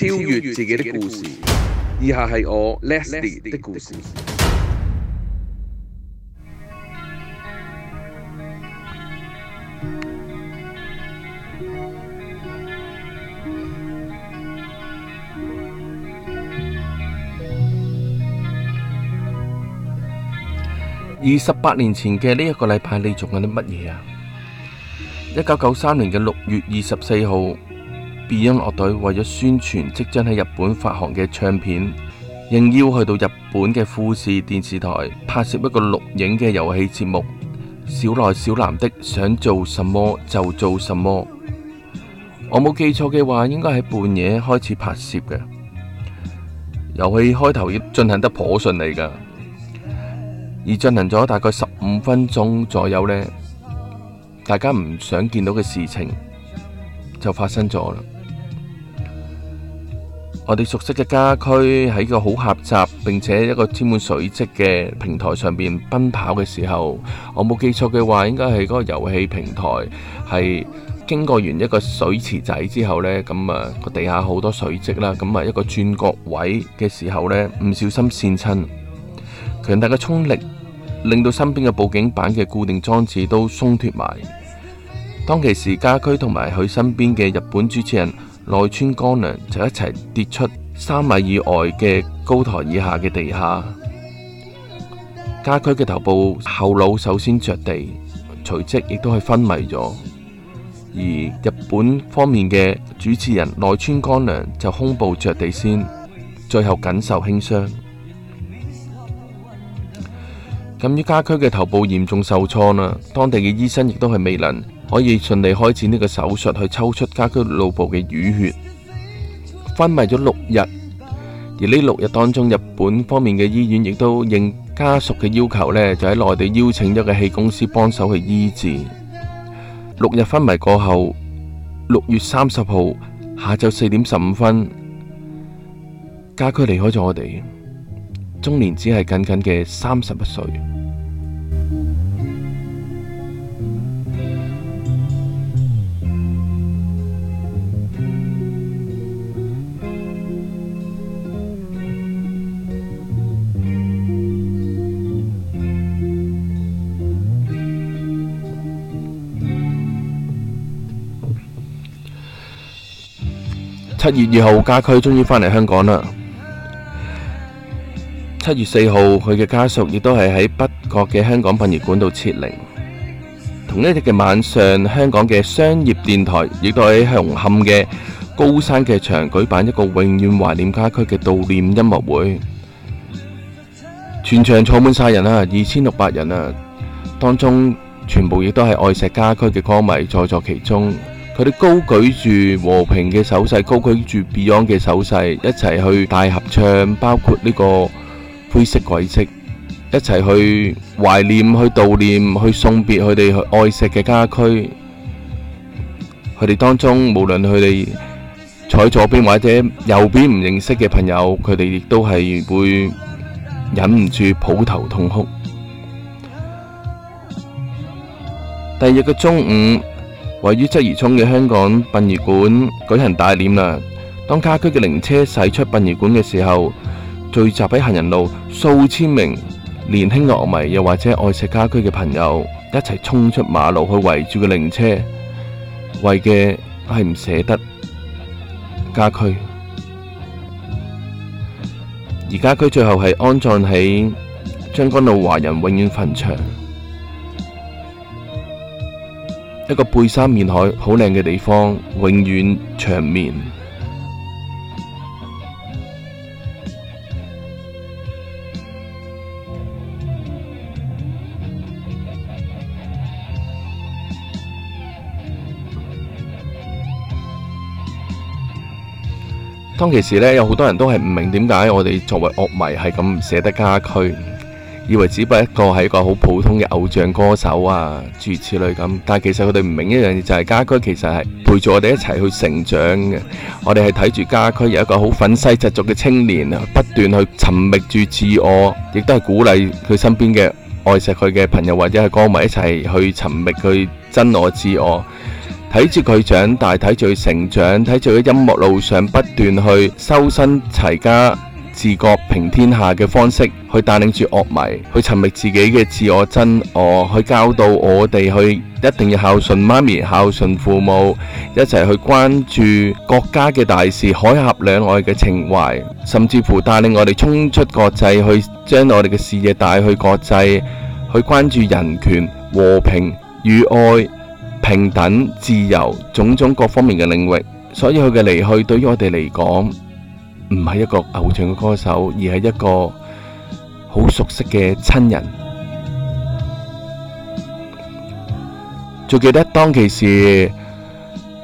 超越自己的故事。以下係我 Leslie 的故事。二十八年前嘅呢一個禮拜，你做緊啲乜嘢啊？一九九三年嘅六月二十四號。Beyond 樂隊為咗宣傳即將喺日本發行嘅唱片，應邀去到日本嘅富士電視台拍攝一個錄影嘅遊戲節目。小內小南的想做什麼就做什麼。我冇記錯嘅話，應該喺半夜開始拍攝嘅。遊戲開頭要進行得頗順利㗎，而進行咗大概十五分鐘左右呢，大家唔想見到嘅事情就發生咗啦。我哋熟悉嘅家駒喺個好狹窄，並且一個沾滿水漬嘅平台上邊奔跑嘅時候，我冇記錯嘅話，應該係嗰個遊戲平台係經過完一個水池仔之後咧，咁啊個地下好多水漬啦，咁啊一個轉角位嘅時候咧，唔小心跣親，強大嘅衝力令到身邊嘅報警板嘅固定裝置都鬆脫埋。當其時，家駒同埋佢身邊嘅日本主持人。內村乾良就一齊跌出三米以外嘅高台以下嘅地下，家駒嘅頭部後腦首先着地，隨即亦都係昏迷咗。而日本方面嘅主持人內村乾良就胸部着地先，最後僅受輕傷。鑑於家駒嘅頭部嚴重受創啦，當地嘅醫生亦都係未能。可以順利開展呢個手術去抽出家駒腦部嘅淤血，昏迷咗六日。而呢六日當中，日本方面嘅醫院亦都應家屬嘅要求呢，就喺內地邀請一個氣功師幫手去醫治。六日昏迷過後，六月三十號下晝四點十五分，家駒離開咗我哋，終年只係僅僅嘅三十一歲。七月二號，家駒終於返嚟香港啦。七月四號，佢嘅家屬亦都係喺北角嘅香港殯儀館度設靈。同一日嘅晚上，香港嘅商業電台亦都喺紅磡嘅高山劇場舉辦一個永遠懷念家駒嘅悼念音樂會。全場坐滿晒人啊，二千六百人啊，當中全部亦都係愛錫家駒嘅歌迷在座其中。佢哋高舉住和平嘅手勢，高舉住 Beyond 嘅手勢，一齊去大合唱，包括呢個灰色軌跡，一齊去懷念、去悼念、去送別佢哋愛惜嘅家駒。佢哋當中無論佢哋坐左邊或者右邊唔認識嘅朋友，佢哋亦都係會忍唔住抱頭痛哭。第二日嘅中午，位於鰂魚涌嘅香港殯儀館舉行大殮啦。當家駒嘅靈車駛出殯儀館嘅時候，聚集喺行人路數千名年輕樂迷，又或者愛錫家駒嘅朋友一齊衝出馬路去圍住嘅靈車，為嘅係唔捨得家駒。而家駒最後係安葬喺將軍澳華人永遠墳場。一個背山面海好靚嘅地方，永遠長眠。當其時呢，有好多人都係唔明點解我哋作為樂迷係咁唔捨得家駒。以為只不過一個係一個好普通嘅偶像歌手啊，諸如此類咁。但係其實佢哋唔明一樣嘢，就係家駒其實係陪住我哋一齊去成長嘅。我哋係睇住家駒有一個好憤世嫉俗嘅青年，不斷去尋覓住自我，亦都係鼓勵佢身邊嘅愛錫佢嘅朋友或者係歌迷一齊去尋覓佢真我自我，睇住佢長大，睇住佢成長，睇住佢音樂路上不斷去修身齊家，自覺平天下嘅方式去帶領住樂迷，去尋覓自己嘅自我真我，去教導我哋去一定要孝順媽咪、孝順父母，一齊去關注國家嘅大事、海峽兩岸嘅情懷，甚至乎帶領我哋衝出國際，去將我哋嘅事業帶去國際，去關注人權、和平與愛、平等、自由種種各方面嘅領域。所以佢嘅離去對於我哋嚟講。唔係一個偶像嘅歌手，而係一個好熟悉嘅親人。仲記得當其時，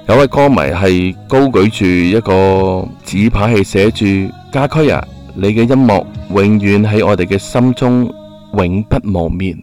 有位歌迷係高舉住一個紙牌寫，係寫住家駒啊，你嘅音樂永遠喺我哋嘅心中，永不磨滅。